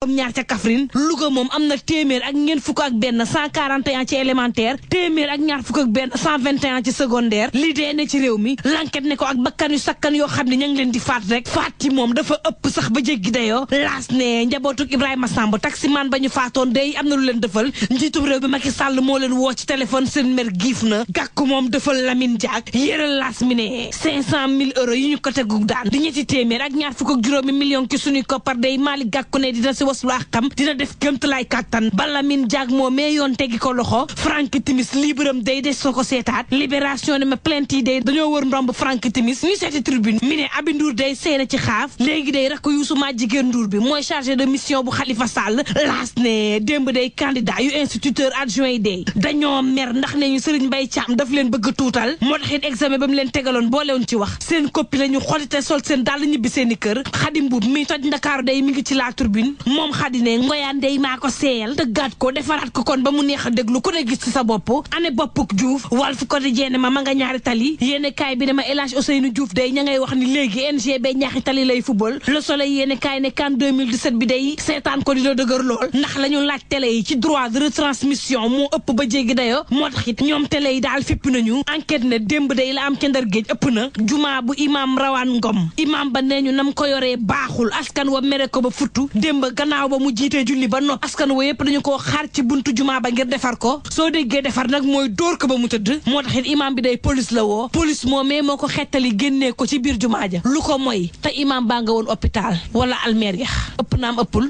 comme ñaar ca Kaffrine Louga moom am na téeméer ak ngeen fukk ak benn cent quarante et un ci élémentaire téeméer ak ñaar fukk ak benn cent vingt et un ci secondaire li dee ne ci réew mi l'enquête ne ko ak bakkan yu sakkan yoo xam ne ña leen di faat rek faat ci moom dafa ëpp sax ba jéggi dayoo laas ne njabootuk Ibrahima Samb taximaan ba ñu faatoon day am na lu leen defal njiitum réew bi Macky Sall moo leen woo ci téléphone seen mer giif na gàkku moom defal Lamine Diack yëral laas mi ne cinq yi waslu àqam dina def këmtalaay kàttan Balamine Diack moo mee yoon teggi ko loxo Frank Timis librem day des soo ko seetaat libération ne ma plainte yi day dañoo wër ndomb Frank Timis ñu seeti tribune mi ne Abi Ndour day seena ci xaaf léegi day rakk Youssou Madjiguène Ndour bi mooy chargé de mission bu Khalifa Sall laas ne démb day candidat yu instituteur adjoint yi day dañoo mer ndax ne ñu Serigne Mbaye Thiam daf leen bëgg tuutal moo taxit examen ba mu leen tegaloon boo leen ci wax seen copie la ñu xolite sol seen dàll ñibbi seen i kër Xadim Mbub mi toj Ndakaaru day mi ngi ci la tribune moom xadi ne ngoyaan dey maa ko seeyal tëggaat ko defaraat ko kon ba mu neex a déglu ku ne gis ci sa bopp ane boppuk Diouf Walf Quotidien ma ma nga ñaari tali yéene kaay bi dama El Hadj Ousseynou Diouf day ña ngay wax ni léegi NGB ñaari tali lay football Le Soleil yéene kaay ne kan 2017 bi day seetaan ko di la dëgër lool ndax la ñu laaj télé yi ci droit de retransmission moo ëpp ba jéggi dayoo moo tax it ñoom télé yi daal fépp nañu enquête ne démb day la am ca ndar géej ëpp na jumaa bu imaam rawaan ngom imaam ba nee ñu nam ko yoree baaxul askan wa mere ko ba futtu naaw ba mu jiitee julli ba noppi askan wa yëpp dañu ko xaar ci buntu jumaa ba ngir defar ko soo déggee defar nag mooy dóor ko ba mu tëdd moo tax it imaam bi day police la woo police moomee moo ko xettali génnee ko ci biir jumaa ja lu ko moy te imaam baa nga woon hôpital wala almeer ya ëpp naam ëppul